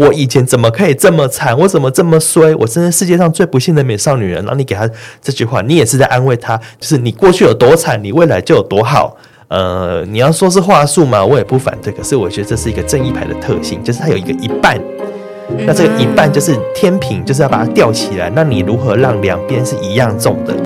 我以前怎麼可以這麼慘？我怎麼這麼衰？我真的是世界上最不幸的美少女人。那你給她這句話，你也是在安慰她，就是你過去有多慘，你未來就有多好。呃，你要說是話術嘛，我也不反對。可是我覺得這是一個正義牌的特性，就是它有一個一半，那這個一半就是天平，就是要把它吊起來。那你如何讓兩邊是一樣重的？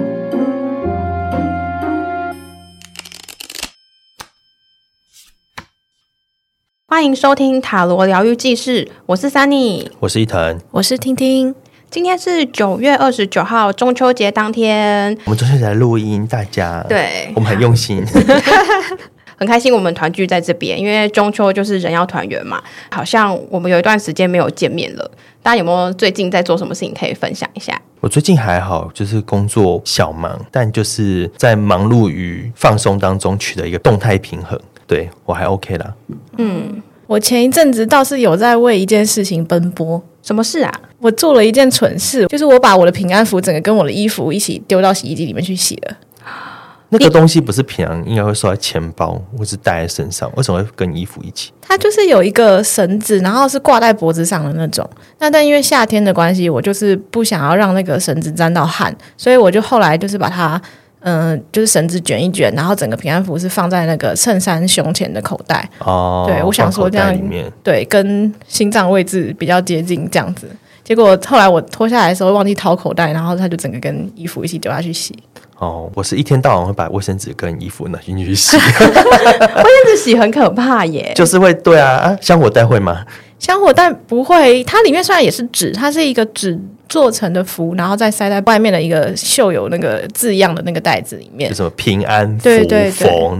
歡迎收聽塔羅聊癒記事，我是 Sunny，我是一騰，我是聽聽。嗯、今天是九月二十九號，中秋節當天，我們中秋節錄音，大家對我們很用心， 很開心，我們團聚在這邊，因為中秋就是人要團圓嘛。好像我們有一段時間沒有見面了，大家有沒有最近在做什麼事情可以分享一下？我最近還好，就是工作小忙，但就是在忙碌與放鬆當中取得一個動態平衡。嗯對，我還 OK 啦。嗯，我前一陣子倒是有在為一件事情奔波。什麼事啊？我做了一件蠢事，就是我把我的平安符整個跟我的衣服一起丟到洗衣機裡面去洗了。那個東西不是平常應該會收在錢包，或是戴，在身上，為什麼會跟衣服一起？它就是有一個繩子，然後是掛在脖子上的那種。那但因為夏天的關係，我就是不想要讓那個繩子沾到汗，所以我就後來就是把它。嗯、呃，就是繩子卷一卷，然後整個平安符是放在那個襯衫胸前的口袋。哦，對，我想說這樣，裡面對，跟心臟位置比較接近這樣子。結果後來我脫下來的時候忘記掏口袋，然後他就整個跟衣服一起丟下去洗。哦，我是一天到晚會把衛生紙跟衣服拿進去洗。 衛生紙洗很可怕耶。就是會，對，啊，對啊，香火袋會嗎？香火袋不會，它裡面雖然也是紙，它是一個紙。做成的符，然後再塞在外面的一個繡有那個字樣的那個袋子裡面，就什麼平安符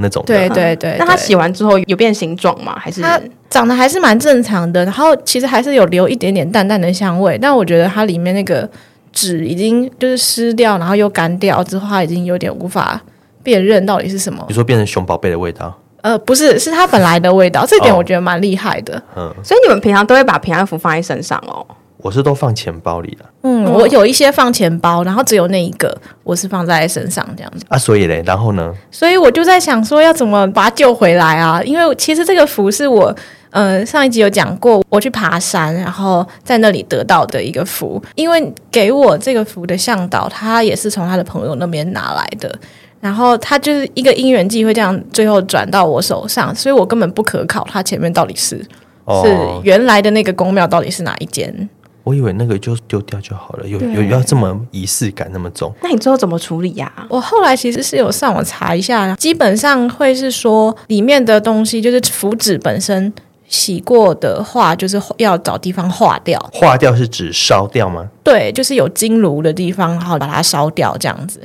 那種。對對對。那，種嗯、那它洗完之後有變形狀嗎？還是它長得還是蠻正常的，然後其實還是有留一點點淡淡的香味，但我覺得它裡面那個紙已經就是濕掉，然後又乾掉之後，它已經有點無法辨認到底是什麼。你說變成熊寶貝的味道？呃，不是，是它本來的味道。 這點我覺得蠻厲害的。哦、嗯。所以你們平常都會把平安符放在身上哦？我是都放錢包裡的，嗯，我有一些放錢包，然後只有那一個我是放在身上這樣子啊，所以嘞，然後呢，所以我就在想說要怎麼把它救回來啊，因為其實這個符是我，嗯、呃，上一集有講過，我去爬山，然後在那裡得到的一個符，因為給我這個符的向導，他也是從他的朋友那邊拿來的，然後他就是一個因緣際會這樣，最後轉到我手上，所以我根本不可考。他前面到底是、哦、是原來的那個宮廟到底是哪一間。我以為那個就丟掉就好了，有有要這麼儀式感那麼重？那你最後怎麼處理呀，啊？我後來其實是有上網查一下，基本上會是說裡面的東西，就是符紙本身洗過的話，就是要找地方化掉。化掉是指燒掉嗎？對，就是有金爐的地方，然後把它燒掉，這樣子，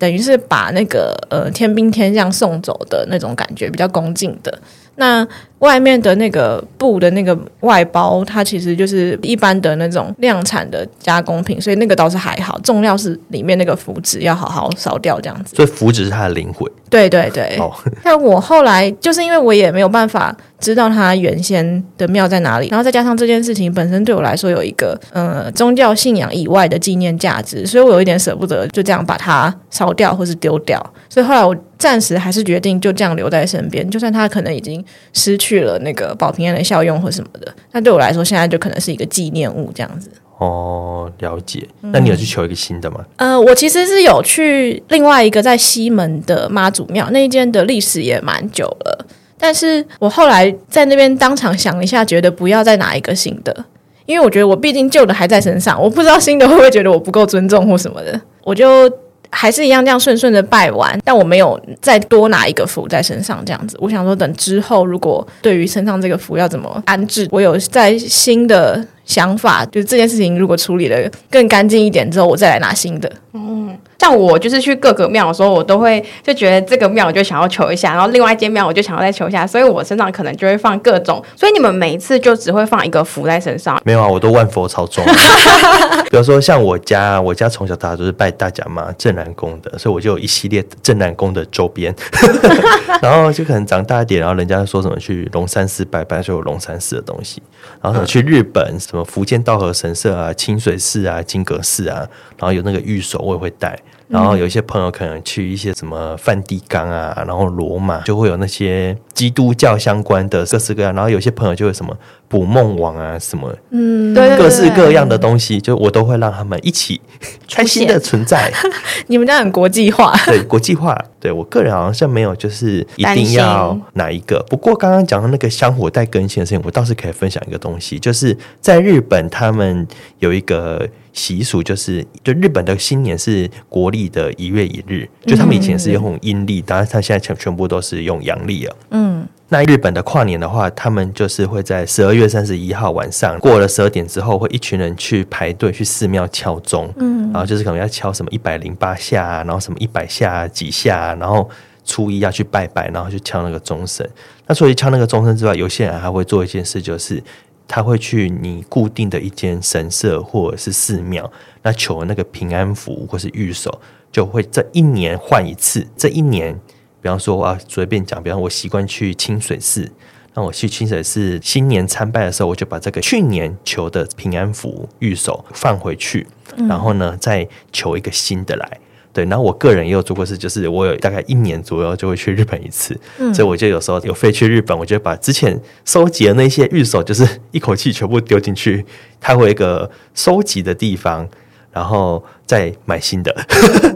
等於是把那個呃天兵天將送走的那種感覺，比較恭敬的那。外面的那個布的那個外包，它其實就是一般的那種量產的加工品，所以那個倒是還好。重要是裡面那個符紙要好好燒掉，這樣子。所以符紙是它的靈魂。對對對。Oh. 但那我後來就是因為我也沒有辦法知道它原先的廟在哪裡，然後再加上這件事情本身對我來說有一個呃宗教信仰以外的紀念價值，所以我有一點捨不得就這樣把它燒掉或是丟掉。所以後來我暫時還是決定就這樣留在身邊，就算它可能已經失去。去了那個保平安的效用或什麼的，那對我來說現在就可能是一個紀念物這樣子。哦，了解。那你有去求一個新的嗎？嗯，呃，我其實是有去另外一個在西門的媽祖廟那一間的歷史也蠻久了，但是我後來在那邊當場想了一下，覺得不要再拿一個新的，因為我覺得我畢竟舊的還在身上，我不知道新的會不會覺得我不夠尊重或什麼的，我就。還是一樣這樣順順的拜完，但我沒有再多拿一個符在身上，這樣子。我想說，等之後如果對於身上這個符要怎麼安置，我有再新的。想法就是這件事情如果處理的更乾淨一點之後，我再來拿新的。嗯，像我就是去各個廟的時候，我都會就覺得這個廟我就想要求一下，然後另外一間廟我就想要再求一下，所以我身上可能就會放各種。所以你們每一次就只會放一個符在身上？沒有啊，我都萬佛朝宗。 比如說像我家，我家從小到大都是拜大甲媽，鎮南宮的，所以我就有一系列鎮南宮的周邊。 然後就可能長大一點，然後人家說什麼去龍山寺拜拜，拜就有龍山寺的東西。然後去日本。嗯什麼伏見稻荷神社啊、清水寺啊、金閣寺啊，然後有那個御守我也會帶。然後有一些朋友可能去一些什麼梵蒂岡啊，嗯、然後羅馬就會有那些基督教相關的各式各樣。然後有些朋友就有什麼捕夢網啊什麼，嗯，各式各樣的東西，就我都會讓他們一起開心現的存在。你們家很國際化。對，國際化。對我個人好像沒有，就是一定要哪一個。不過剛剛講到那個香火袋更新的事情，我倒是可以分享一個東西，就是在日本他們有一個。習俗就是，就日本的新年是國曆的一月一日，嗯嗯，就他們以前是用陰曆，當然他現在全全部都是用陽曆了。嗯，嗯，那日本的跨年的話，他們就是會在十二月三十一號晚上過了十二點之後，會一群人去排隊去寺廟敲鐘，嗯，嗯，然後就是可能要敲什麼一百零八下啊，然後什麼一百下、啊、幾下、啊，然後初一要去拜拜，然後去敲那個鐘聲。那除了敲那個鐘聲之外，有些人還會做一件事，就是。他會去你固定的一間神社或者是寺廟，那求那個平安符或是御守，就會這一年換一次。這一年，比方說啊，隨便講，比方說我習慣去清水寺，那我去清水寺新年參拜的時候，我就把這個去年求的平安符御守放回去，然後呢，再求一個新的來。對，然後我個人也有做過事，就是我有大概一年左右就會去日本一次，嗯、所以我就有時候有飛去日本，我就把之前收集的那些御守，就是一口氣全部丟進去，它會有一個收集的地方。然後再買新的，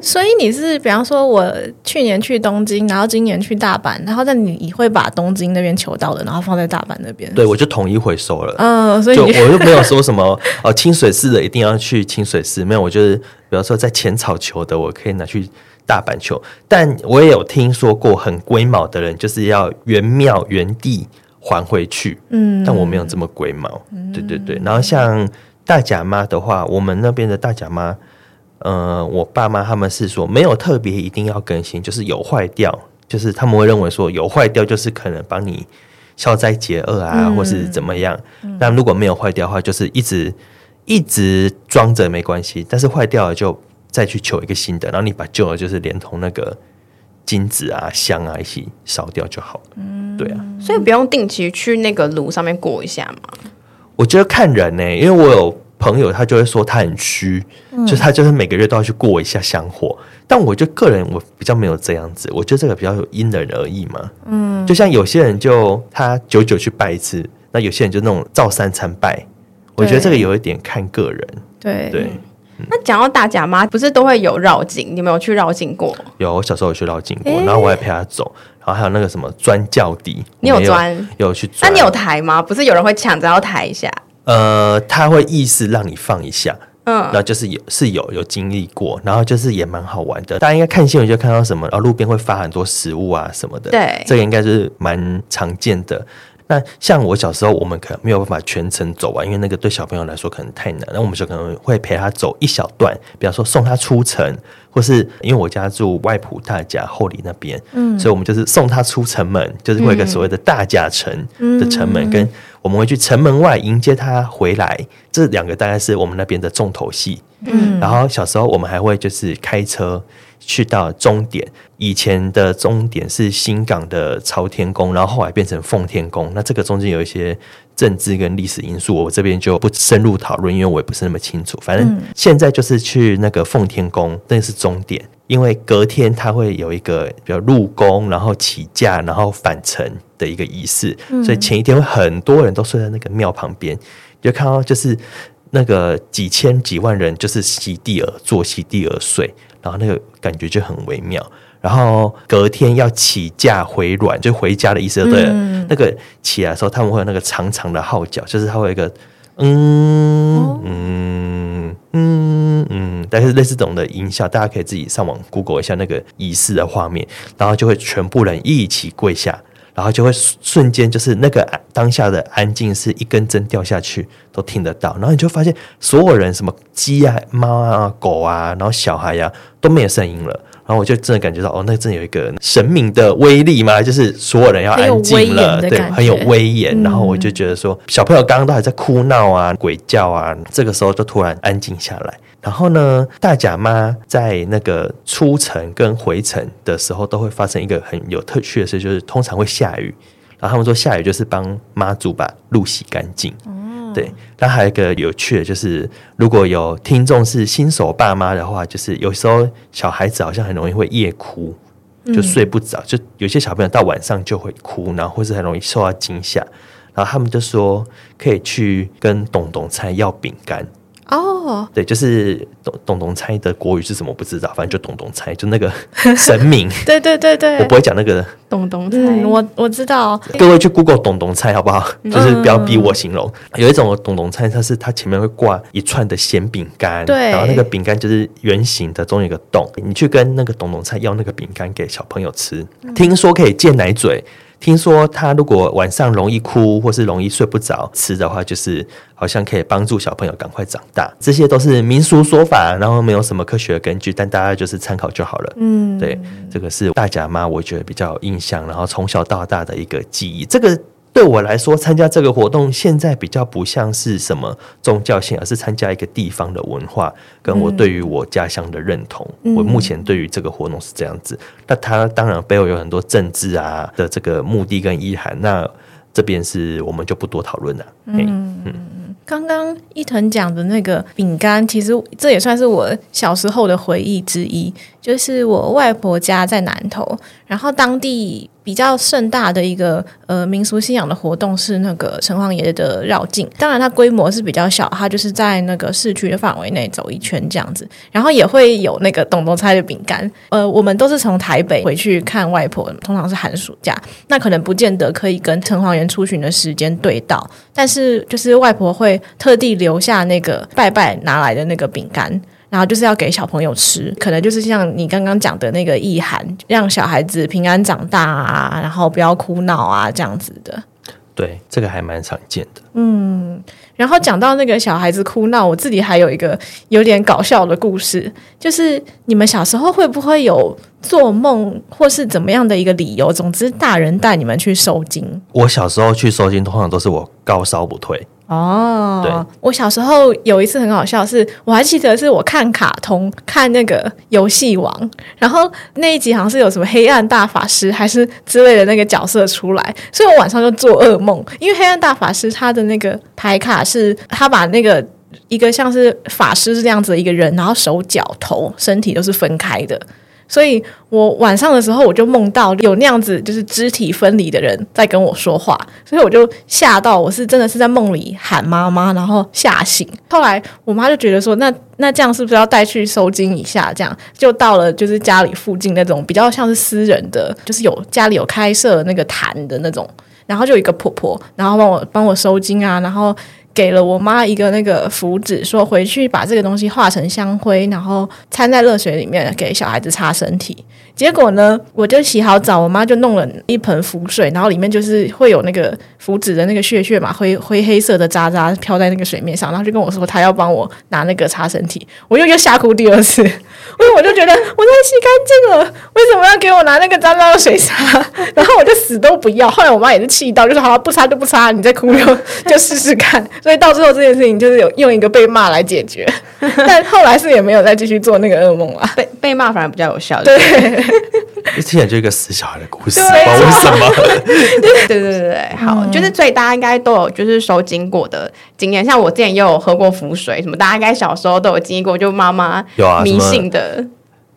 所以你是比方說，我去年去東京，然後今年去大阪，然後但你你會把東京那邊求到的，然後放在大阪那邊？對，我就統一回收了。嗯、哦，所以就我就沒有說什麼， 哦，清水寺的一定要去清水寺，沒有，我就是比方說在淺草求的，我可以拿去大阪求。但我也有聽說過很龜毛的人，就是要原廟原地還回去。嗯，但我沒有這麼龜毛。嗯、對對對，然後像。大甲媽的話，我們那邊的大甲媽，呃，我爸媽他們是說沒有特別一定要更新，就是有壞掉，就是他們會認為說有壞掉就是可能幫你消災解厄啊，嗯、或是怎麼樣。那如果沒有壞掉的話，就是一直一直裝着沒關係，但是壞掉了就再去求一個新的，然後你把舊的，就是連同那個金紙啊、香啊一起燒掉就好了。嗯，對啊，所以不用定期去那個爐上面過一下嘛。我覺得看人呢、欸，因為我有朋友，他就會說他很虛，嗯、就他就是每個月都要去過一下香火。但我就個人，我比較沒有這樣子。我覺得這個比較有因人而異嘛。嗯，就像有些人就他久久去拜一次，那有些人就那種照三餐拜。對我覺得這個有一點看個人。對對。對嗯、那講到大甲媽不是都會有繞境你有沒有去繞境過有，我小時候有去繞境過，欸、然後我也陪他走。然後還有那個什麼鑽轎底，你有鑽？有去？那你有抬嗎？不是有人會搶着要抬一下？呃，他會意思讓你放一下，嗯，然後就是有是有有經歷過，然後就是也蠻好玩的。大家應該看新聞就看到什麼，啊、哦，路邊會發很多食物啊什麼的，對，這個應該是蠻常見的。那像我小時候，我們可能沒有辦法全程走完，因為那個對小朋友來說可能太難，那我們就可能會陪他走一小段，比方說送他出城，或是因為我家住外埔大甲后里那邊，嗯，所以我們就是送他出城門，就是會有一個所謂的大甲城的城門，嗯嗯嗯、跟我們會去城門外迎接他回來，這兩個大概是我們那邊的重頭戲。嗯，然後小時候我們還會就是開車。去到終點，以前的終點是新港的朝天宮，然後後來變成奉天宮。那這個中間有一些政治跟歷史因素，我這邊就不深入討論，因為我也不是那麼清楚。反正現在就是去那個奉天宮，那是終點，因為隔天它會有一個比如入宮，然後起駕，然後返程的一個儀式，所以前一天會很多人都睡在那個廟旁邊，就看到就是。那個幾千幾萬人就是席地而坐，席地而睡，然後那個感覺就很微妙。然後隔天要起駕回鑾，就回家的意思就對了，對、嗯。那個起來的時候，他們會有那個長長的號角，就是他會有一個嗯嗯嗯嗯，嗯，但是類似這種的音效，大家可以自己上網 Google 一下那個儀式的畫面，然後就會全部人一起跪下。然後就會瞬間，就是那個當下的安靜，是一根針掉下去都聽得到。然後你就發現，所有人什麼雞啊、貓啊、狗啊，然後小孩呀、啊。都沒有聲音了，然後我就真的感覺到，哦，那真的有一個神明的威力嘛，就是所有人要安靜了，對，很有威嚴。嗯、然後我就覺得說，小朋友剛剛都還在哭鬧啊、鬼叫啊，這個時候就突然安靜下來。然後呢，大甲媽在那個出城跟回城的時候，都會發生一個很有特趣的事，就是通常會下雨，然後他們說下雨就是幫媽祖把路洗乾淨。嗯對，但還有一個有趣的，就是如果有聽眾是新手爸媽的話，就是有時候小孩子好像很容易會夜哭，嗯、就睡不着，就有些小朋友到晚上就會哭，然後或是很容易受到驚嚇，然後他們就說可以去跟董董猜要餅乾。哦，oh. 對，就是董董東菜的國語是什麼不知道，反正就董東菜，就那個神明。 對對對對，我不會講那個董東菜，嗯、我我知道。各位去 Google 董東菜好不好？嗯、就是不要逼我形容。嗯、有一種董東菜，它是它前面會掛一串的鹹餅乾，對然後那個餅乾就是圓形的，中有一個洞。你去跟那個董東菜要那個餅乾給小朋友吃，嗯、聽說可以戒奶嘴。聽說他如果晚上容易哭，或是容易睡不着吃的話，就是好像可以幫助小朋友趕快長大。這些都是民俗說法，然後沒有什麼科學根據，但大家就是參考就好了。嗯，對，這個是大甲媽，我覺得比較有印象，然後從小到大的一個記憶。這個。對我來說，參加這個活動現在比較不像是什麼宗教性，而是參加一個地方的文化，跟我對於我家鄉的認同。嗯、我目前對於這個活動是這樣子。嗯、那它當然背後有很多政治啊的這個目的跟意涵，那這邊是我們就不多討論了、啊嗯。嗯嗯，剛剛一騰講的那個餅乾，其實這也算是我小時候的回憶之一。就是我外婆家在南投，然後當地比較盛大的一個呃民俗信仰的活動是那個城隍爺的繞境，當然它規模是比較小，它就是在那個市區的範圍內走一圈這樣子，然後也會有那個董東財的餅乾。呃，我們都是從台北回去看外婆，通常是寒暑假，那可能不見得可以跟城隍爺出巡的時間對到，但是就是外婆會特地留下那個拜拜拿來的那個餅乾。然後就是要給小朋友吃，可能就是像你剛剛講的那個意涵，讓小孩子平安長大啊，然後不要哭鬧啊，這樣子的。對，這個還蠻常見的。嗯，然後講到那個小孩子哭鬧，我自己還有一個有點搞笑的故事，就是你們小時候會不會有做夢或是怎麼樣的一個理由？總之，大人帶你們去收驚。我小時候去收驚，通常都是我高燒不退。哦，對我小時候有一次很好笑的是，是我還記得，是我看卡通，看那個遊戲王，然後那一集好像是有什麼黑暗大法師還是之類的那個角色出來，所以我晚上就做噩夢，因為黑暗大法師他的那個牌卡是，他把那個一個像是法師這樣子的一個人，然後手腳頭身體都是分開的。所以我晚上的時候，我就夢到有那樣子就是肢體分離的人在跟我說話，所以我就嚇到，我是真的是在夢裡喊媽媽，然後嚇醒。後來我媽就覺得說那，那那這樣是不是要帶去收驚一下？這樣就到了就是家裡附近那種比較像是私人的，就是有家裡有開設那個壇的那種，然後就有一個婆婆，然後幫我幫我收驚啊，然後。給了我媽一個那個符紙，說回去把這個東西化成香灰，然後摻在熱水裡面給小孩子擦身體。結果呢，我就洗好澡，我媽就弄了一盆符水，然後裡面就是會有那個符紙的那個屑屑嘛，灰灰黑色的渣渣飄在那個水面上。然後就跟我說，她要幫我拿那個擦身體，我又又嚇哭第二次，所以我就覺得我都洗乾淨了，為什麼要給我拿那個髒髒的水擦？然後我就死都不要。後來我媽也是氣到，就說：“好，好，不擦就不擦，你再哭就試試看。”所以到最後這件事情就是有用一個被罵來解決， 但後來是也沒有再繼續做那個噩夢了、啊。被被罵反而比較有效。對，之對 也就是一個死小孩的故事，啊、不知道為什麼。 對對對對，好，嗯、就是所以大家應該都有就是收經過的經驗，像我之前也有喝過符水什麼，大家應該小時候都有經歷過，就媽媽迷信的有、啊。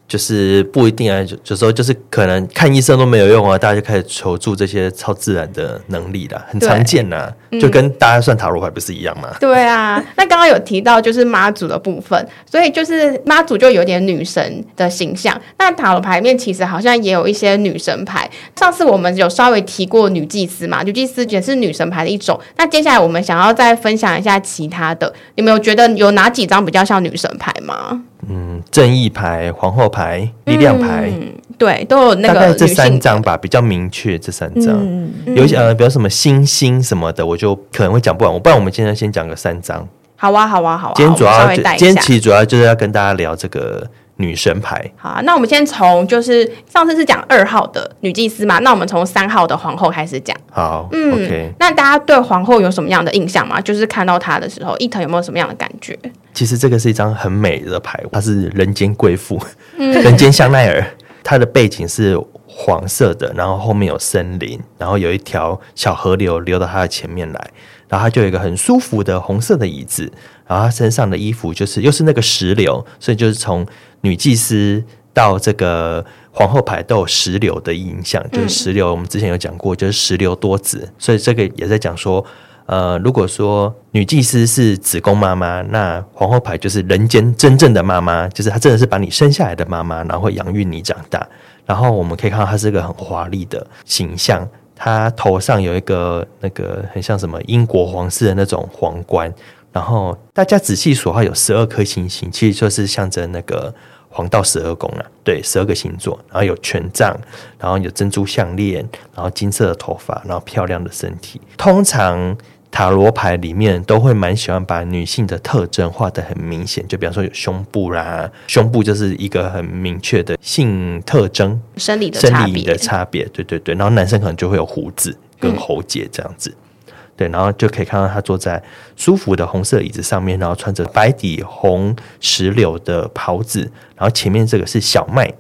就是不一定啊，就就是、說就是可能看醫生都沒有用啊，大家就開始求助這些超自然的能力了，很常見吶、啊，嗯、就跟大家算塔羅牌不是一樣嗎、啊？對啊，那剛剛有提到就是媽祖的部分，所以就是媽祖就有點女神的形象。那塔羅牌面其實好像也有一些女神牌，上次我們有稍微提過女祭司嘛，女祭司也是女神牌的一種。那接下來我們想要再分享一下其他的，你們有覺得有哪幾張比較像女神牌嗎？嗯，正義牌、皇後牌、力量牌，嗯、對，都有那個大概這三張吧，比較明確這三張。嗯嗯、有一些呃，比如什麼星星什麼的，我就可能會講不完。我不然我們現在先講個三張、啊。好啊，好啊，好啊。今天主要，今天其實主要就是要跟大家聊這個女神牌。好、啊，那我們先從就是上次是講二號的女祭司嘛，那我們從三號的皇后開始講。好，嗯，OK。那大家對皇後有什麼樣的印象嗎？就是看到她的時候，一騰有沒有什麼樣的感覺？其實這個是一張很美的牌，它是人間貴婦，嗯、人間香奈兒。它的背景是黃色的，然後後面有森林，然後有一條小河流流到它的前面來，然後它就有一個很舒服的紅色的椅子，然後它身上的衣服就是又是那個石榴，所以就是從女祭司到這個皇後牌都有石榴的影響，就是石榴。我們之前有講過，就是石榴多子，所以這個也在講說。呃，如果說女祭司是子宮媽媽，那皇後牌就是人間真正的媽媽，就是她真的是把你生下來的媽媽，然後會養育你長大。然後我們可以看到她是一個很華麗的形象，她頭上有一個那個很像什麽英國皇室的那種皇冠。然後大家仔細數，它有十二顆星星，其實就是象徵着那個黃道十二宮啊，對，十二個星座。然後有權杖，然後有珍珠項鏈，然後金色的頭髮，然後漂亮的身體，通常。塔羅牌裡面都會蠻喜歡把女性的特徵畫得很明顯，就比方說有胸部啦，胸部就是一個很明確的性特徵，生理的生理的差別，對對對。然後男生可能就會有鬍子跟喉結這樣子，嗯、對，然後就可以看到他坐在舒服的紅色椅子上面，然後穿着白底紅石榴的袍子，然後前面這個是小麥。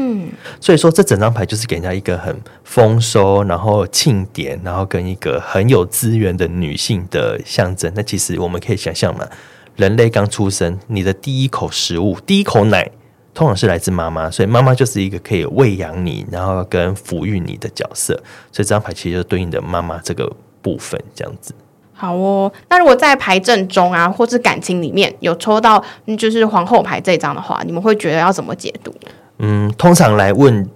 嗯，所以說這整張牌就是給人家一個很豐收，然後慶典，然後跟一個很有資源的女性的象徵。那其實我們可以想象嘛，人類剛出生，你的第一口食物、第一口奶，通常是來自媽媽，所以媽媽就是一個可以餵養你，然後跟撫育你的角色。所以這張牌其實就對應的媽媽這個部分，這樣子。好哦，那如果在牌陣中啊，或是感情裡面有抽到就是皇後牌這張的話，你們會覺得要怎麼解讀？嗯，通常來問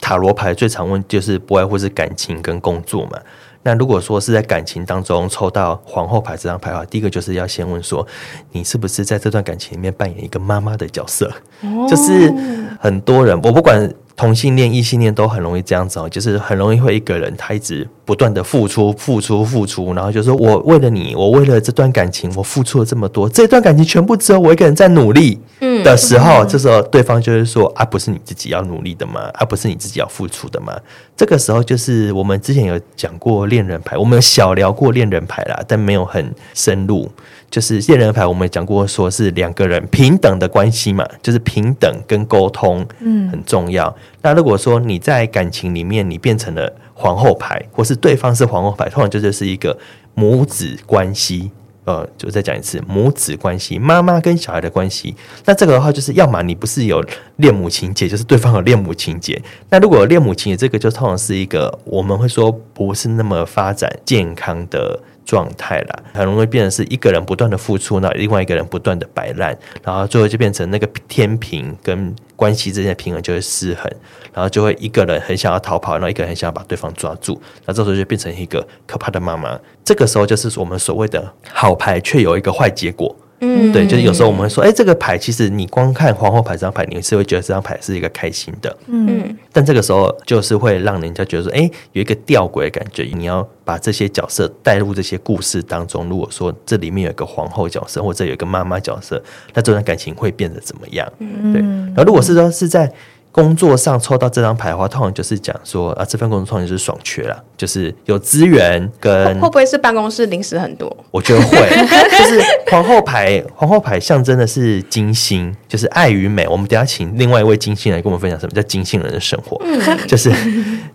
塔羅牌最常問就是不外乎是感情跟工作嘛。那如果說是在感情當中抽到皇後牌這張牌的話，第一個就是要先問說，你是不是在這段感情裡面扮演一個媽媽的角色？哦、就是很多人，我不管。同性戀、異性戀都很容易這樣子哦，就是很容易會一個人，他一直不斷的付出、付出、付出，然後就是說我為了你，我為了這段感情，我付出了這麼多，這段感情全部只有我一個人在努力。嗯，的時候，嗯嗯嗯、這時候對方就是說啊，不是你自己要努力的嗎？啊，不是你自己要付出的嗎？這個時候就是我們之前有講過戀人牌，我們有小聊過戀人牌啦，但沒有很深入。就是戀人牌，我們講過，說是兩個人平等的關係嘛，就是平等跟溝通，嗯，很重要。嗯、那如果說你在感情裡面，你變成了皇後牌，或是對方是皇後牌，通常這就是一個母子關係。呃，就再講一次，母子關係，媽媽跟小孩的關係。那這個的話，就是要麼你不是有戀母情結，就是對方有戀母情結。那如果有戀母情結，這個就通常是一個我們會說不是那麼發展健康的狀態啦，很容易變成是一個人不斷的付出，那另外一個人不斷的擺爛，然後最後就變成那個天平跟關係之間的平衡就會失衡，然後就會一個人很想要逃跑，然後一個人很想要把對方抓住，那這時候就變成一個可怕的媽媽。這個時候就是我們所謂的好牌，卻有一個壞結果。嗯， 對，就是有時候我們會說，哎、欸，這個牌其實你光看皇後牌這張牌，你是會覺得這張牌是一個開心的，嗯， 但這個時候就是會讓人家覺得說，哎、欸，有一個弔詭的感覺，你要把這些角色帶入這些故事當中。如果說這裡面有一個皇后角色，或者有一個媽媽角色，那這段感情會變得怎麼樣？嗯，對。然後如果是說是在工作上抽到這張牌的話，通常就是講說啊，這份工作通常就是爽缺啦，就是有資源跟會不會是辦公室零食很多？我覺得會， 就是皇後牌，皇後牌象徵的是金星，就是愛與美。我們等一下請另外一位金星來跟我們分享什麼叫金星人的生活，嗯、就是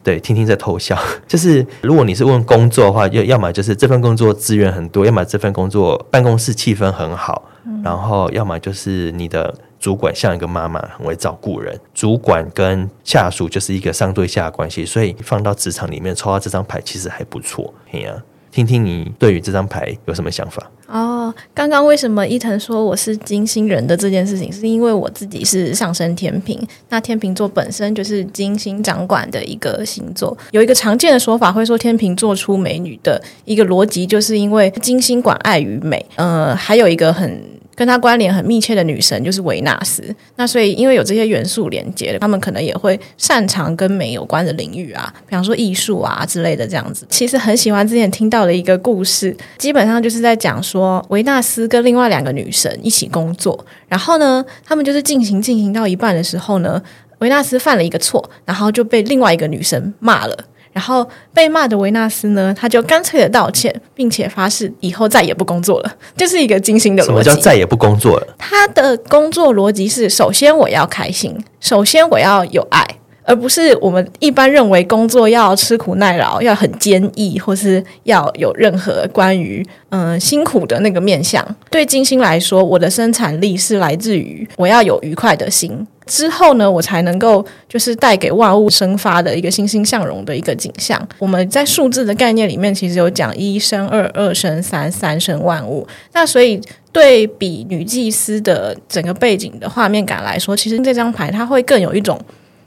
對，聽聽在偷笑。就是如果你是問工作的話，要要麼就是這份工作資源很多，要麼這份工作辦公室氣氛很好，嗯、然後要麼就是你的。主管像一個媽媽，很會照顧人。主管跟下屬就是一個上對下關係，所以放到職場裡面抽到這張牌其實還不錯，啊。聽聽你對於這張牌有什麼想法？哦，剛剛為什麼一騰說我是金星人的這件事情，是因為我自己是上升天秤。那天秤座本身就是金星掌管的一個星座。有一個常見的說法會說天秤座出美女的一個邏輯，就是因為金星管愛與美。呃，還有一個很。跟他關聯很密切的女神就是維納斯，那所以因為有這些元素連接的，他們可能也會擅長跟美有關的領域啊，比方說藝術啊之類的這樣子。其實很喜歡之前聽到的一個故事，基本上就是在講說維納斯跟另外兩個女神一起工作，然後呢，他們就是進行進行到一半的時候呢，維納斯犯了一個錯，然後就被另外一個女神罵了。然後被罵的維納斯呢，他就乾脆的道歉，並且發誓以後再也不工作了，就是一個金星的邏輯。什麼叫再也不工作了？他的工作邏輯是：首先我要開心，首先我要有愛，而不是我們一般認為工作要吃苦耐勞，要很堅毅，或是要有任何關於嗯、呃、辛苦的那個面向。對金星來說，我的生產力是來自於我要有愉快的心。之後呢，我才能夠就是帶給萬物生發的一個欣欣向榮的一個景象。我們在數字的概念裡面，其實有講一生二，二生三，三生萬物。那所以對比女祭司的整個背景的畫面感來說，其實這張牌它會更有有一種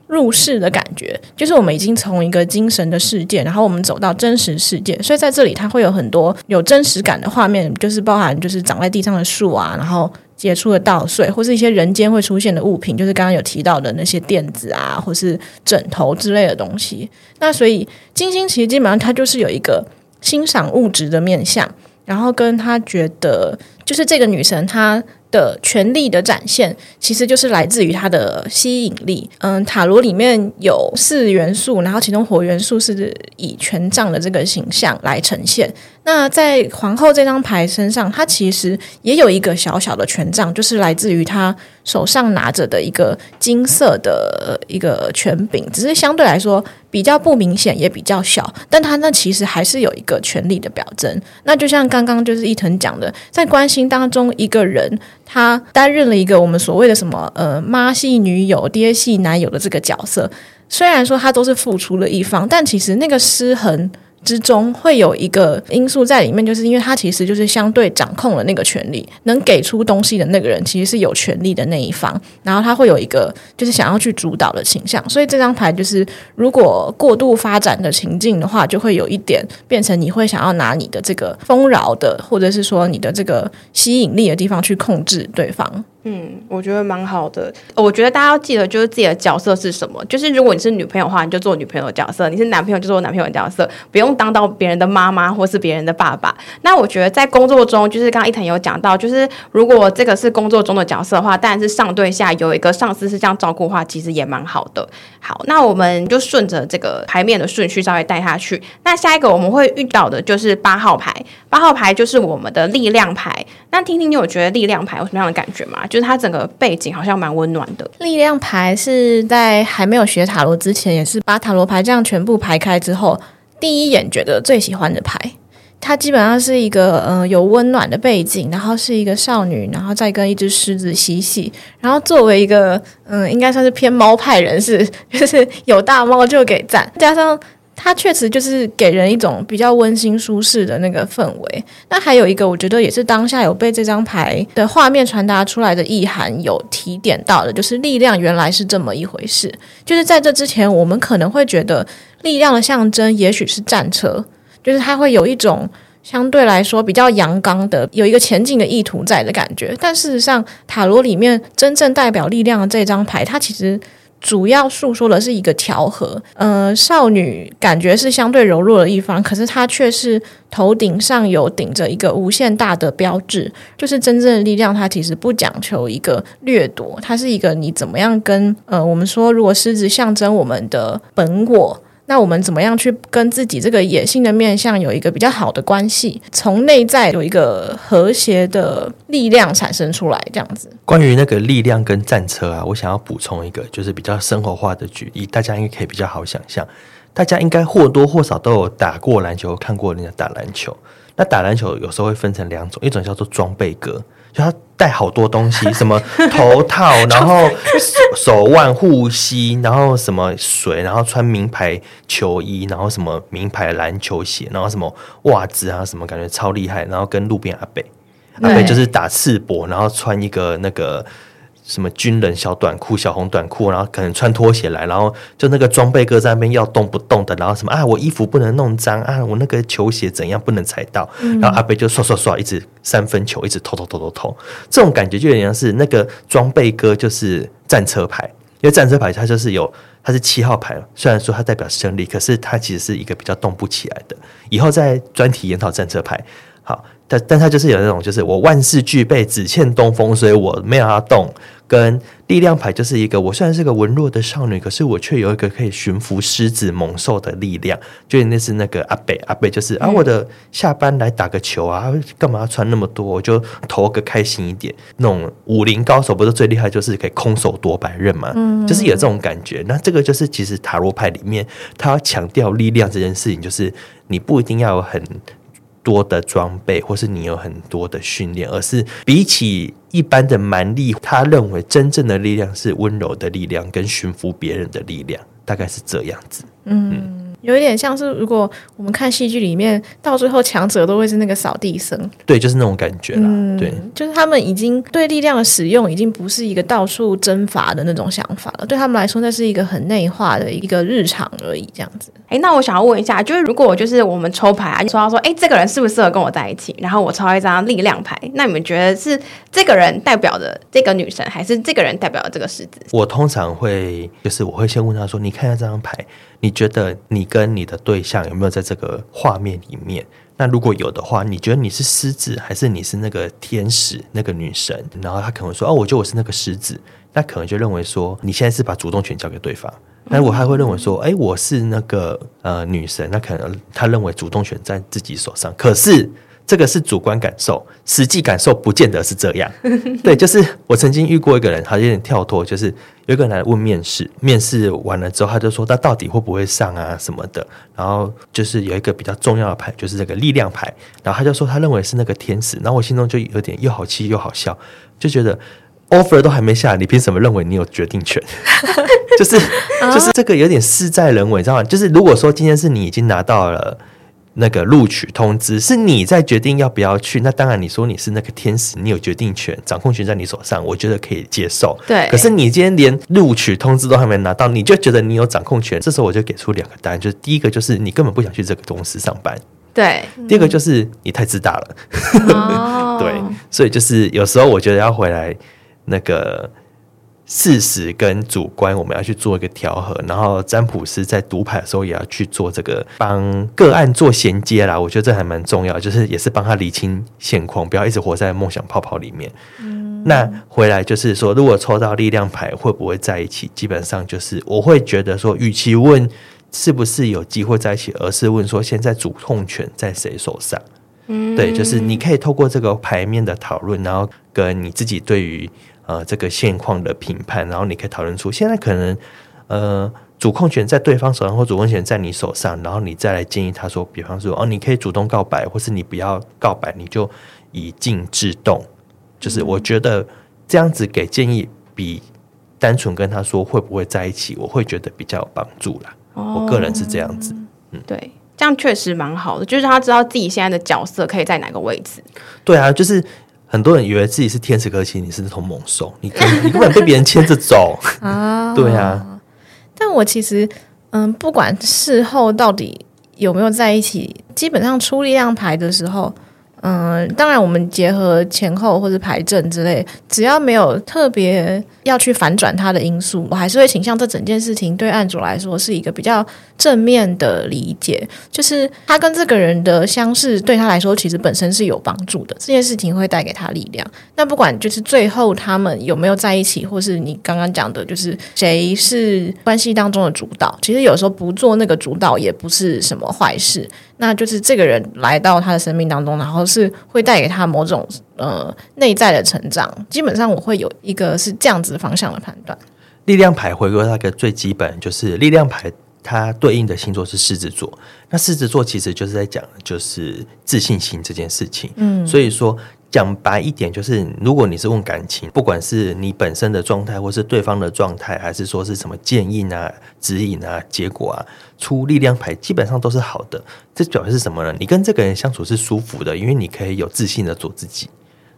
入世的感覺。就是我們已經從一個精神的世界，然後我們走到真實世界。所以在這裡，它會有很多有真實感的畫面，就是包含就是長在地上的樹啊，然後。接觸的稻穗，或是一些人間會出現的物品，就是剛剛有提到的那些墊子啊，或是枕頭之類的東西。那所以金星其實基本上，她就是有一個欣賞物質的面向，然後跟她覺得，就是這個女神她的權力的展現，其實就是來自於她的吸引力。嗯，塔羅裡面有四元素，然後其中火元素是以權杖的這個形象來呈現。那在皇後這張牌身上，它其實也有一個小小的權杖，就是來自於她手上拿着的一個金色的一個權柄，只是相對來說比較不明顯，也比較小。但它那其實還是有一個權力的表徵。那就像剛剛就是一騰講的，在關心當中，一個人他擔任了一個我們所謂的什麼呃媽系女友、爹系男友的這個角色，雖然說他都是付出了一方，但其實那個失衡。之中會有一個因素在裡面，就是因為他其實就是相對掌控了那個權利，能給出東西的那個人其實是有權利的那一方，然後他會有一個就是想要去主導的傾向，所以這張牌就是如果過度發展的情境的話，就會有一點變成你會想要拿你的這個豐饒的，或者是說你的這個吸引力的地方去控制對方。嗯，我覺得蠻好的。我覺得大家要記得，就是自己的角色是什麼？就是如果你是女朋友的話，你就做女朋友的角色；你是男朋友，就做男朋友的角色，不用當到別人的媽媽或是別人的爸爸。那我覺得在工作中，就是剛剛一騰有講到，就是如果這個是工作中的角色的話，當然是上對下有一個上司是這樣照顧的話，其實也蠻好的。好，那我們就順着這個牌面的順序，稍微帶下去。那下一個我們會遇到的就是八號牌，八號牌就是我們的力量牌。那聽聽你有覺得力量牌有什麼樣的感覺嗎？就是它整個背景好像蠻溫暖的。力量牌是在還沒有學塔羅之前，也是把塔羅牌這樣全部排開之後，第一眼覺得最喜歡的牌。它基本上是一個嗯、呃、有溫暖的背景，然後是一個少女，然後再跟一隻獅子嬉戲。然後作為一個嗯、呃、應該算是偏貓派人士，就是有大貓就給讚，加上。它確實就是給人一種比較溫馨舒適的那個氛圍。那還有一個，我覺得也是當下有被這張牌的畫面傳達出來的意涵，有提點到的，就是力量原來是這麼一回事。就是在這之前，我們可能會覺得力量的象徵也許是戰車，就是它會有一種相對來說比較陽剛的、有一個前進的意圖在的感覺。但事實上，塔羅裡面真正代表力量的這張牌，它其實。主要訴說的是一個調和，呃，少女感覺是相對柔弱的一方，可是她卻是頭頂上有頂着一個無限大的標誌，就是真正的力量。它其實不講求一個掠奪，它是一個你怎麼樣跟呃，我們說，如果獅子象徵我們的本我。那我們怎麼樣去跟自己這個野性的面向有一個比較好的關係？從內在有一個和諧的力量產生出來，這樣子。關於那個力量跟戰車啊，我想要補充一個，就是比較生活化的舉例，大家應該可以比較好想象。大家應該或多或少都有打過籃球，看過人家打籃球。那打籃球有時候會分成兩種，一種叫做裝備哥。就他帶好多東西，什麼頭套， 然後手，手腕護膝，然後什麼水，然後穿名牌球衣，然後什麼名牌籃球鞋，然後什麼襪子啊，什麼感覺超厲害。然後跟路邊阿北， 阿北就是打赤膊，然後穿一個那個。什麼軍人小短褲、小紅短褲，然後可能穿拖鞋來，然後就那個裝備哥在那邊要動不動的，然後什麼啊，我衣服不能弄髒啊，我那個球鞋怎樣不能踩到，嗯、然後阿伯就刷刷刷，一直三分球，一直投投投投投，這種感覺就有點像是那個裝備哥就是戰車牌，因為戰車牌他就是有，他是七號牌，雖然說他代表勝利，可是他其實是一個比較動不起來的。以後再專題研討戰車牌，好。但但他就是有那種，就是我萬事俱備，只欠東風，所以我沒有要動。跟力量牌就是一個，我雖然是個文弱的少女，可是我卻有一個可以馴服獅子猛獸的力量。就那是那個阿北，阿北就是啊，我的下班來打個球啊，幹嘛要穿那麼多？我就投個開心一點。那種武林高手不是最厲害，就是可以空手奪白刃嘛，嗯，就是有這種感覺。那這個就是其實塔羅牌裡面，他強調力量這件事情，就是你不一定要很。多的裝備，或是你有很多的訓練，而是比起一般的蠻力，他認為真正的力量是溫柔的力量，跟馴服別人的力量，大概是這樣子。嗯。嗯有一點像是，如果我們看戲劇裡面，到最後強者都會是那個掃地僧。對，就是那種感覺啦。嗯，對，就是他們已經對力量的使用，已經不是一個到處征伐的那種想法了。對他們來說，那是一個很內化的一個日常而已。這樣子。哎、欸，那我想要問一下，就是如果就是我們抽牌啊，說到說，哎、欸，這個人適不適合跟我在一起？然後我抽到一張力量牌，那你們覺得是這個人代表的這個女神，還是這個人代表的這個獅子？我通常會就是我會先問他說：“你看一下這張牌。”你覺得你跟你的對象有沒有在這個畫面裡面？那如果有的話，你覺得你是獅子還是你是那個天使、那個女神？然後他可能說：“哦，我覺得我是那個獅子。”那可能就認為說你現在是把主動權交給對方。那我還會認為說：“哎、欸，我是那個呃女神。”那可能他認為主動權在自己手上。可是。這個是主觀感受，實際感受不見得是這樣。對，就是我曾經遇過一個人，好像有點跳脫，就是有一個人來問面試，面試完了之後，他就說他到底會不會上啊什麼的。然後就是有一個比較重要的牌，就是這個力量牌。然後他就說他認為是那個天使。然後我心中就有點又好氣又好笑，就覺得 offer 都還沒下來，你憑什麼認為你有決定權？ 就是就是這個有點事在人為，你知道嗎？就是如果說今天是你已經拿到了。那個錄取通知是你在決定要不要去，那當然你說你是那個天使，你有決定權、掌控權在你手上，我覺得可以接受。對，可是你今天連錄取通知都還沒拿到，你就覺得你有掌控權，這時候我就給出兩個答案，就是第一個就是你根本不想去這個公司上班，對，第二個就是你太自大了。哦，對，所以就是有時候我覺得要回來那個。事實跟主觀，我們要去做一個調和。然後占卜師在讀牌的時候，也要去做這個幫個案做銜接啦。我覺得這還蠻重要，就是也是幫他理清現況，不要一直活在夢想泡泡裡面。嗯，那回來就是說，如果抽到力量牌，會不會在一起？基本上就是我會覺得說，與其問是不是有機會在一起，而是問說現在主控權在誰手上？嗯，對，就是你可以透過這個牌面的討論，然後跟你自己對於。呃，這個現況的評判，然後你可以討論出現在可能，呃，主控權在對方手上或主控權在你手上，然後你再來建議他說，比方說，哦，你可以主動告白，或是你不要告白，你就以靜制動。就是我覺得這樣子給建議，比單純跟他說會不會在一起，我會覺得比較有幫助啦。哦，我個人是這樣子，嗯，對，這樣確實蠻好的，就是他知道自己現在的角色可以在哪個位置。對啊，就是。很多人以為自己是天使歌，可惜你是那頭猛獸，你根本，你根本被別人牽着走 啊！對啊、哦，但我其實，嗯，不管事後到底有沒有在一起，基本上出力量牌的時候。嗯，當然，我們結合前後或是牌陣之類，只要沒有特別要去反轉它的因素，我還是會傾向這整件事情對案主來說是一個比較正面的理解，就是他跟這個人的相識對他來說其實本身是有幫助的，這件事情會帶給他力量。那不管就是最後他們有沒有在一起，或是你剛剛講的，就是誰是關係當中的主導，其實有時候不做那個主導也不是什麼壞事。那就是這個人來到他的生命當中，然後是會帶給他某種呃內在的成長，基本上我會有一個是這樣子的方向的判斷。力量牌回歸那個最基本，就是力量牌它對應的星座是獅子座。那獅子座其實就是在講就是自信心這件事情。嗯，所以說講白一點，就是如果你是問感情，不管是你本身的狀態，或是對方的狀態，還是說是什麼建議啊、指引啊、結果啊，出力量牌基本上都是好的，這表示什麼呢？你跟這個人相處是舒服的，因為你可以有自信的做自己。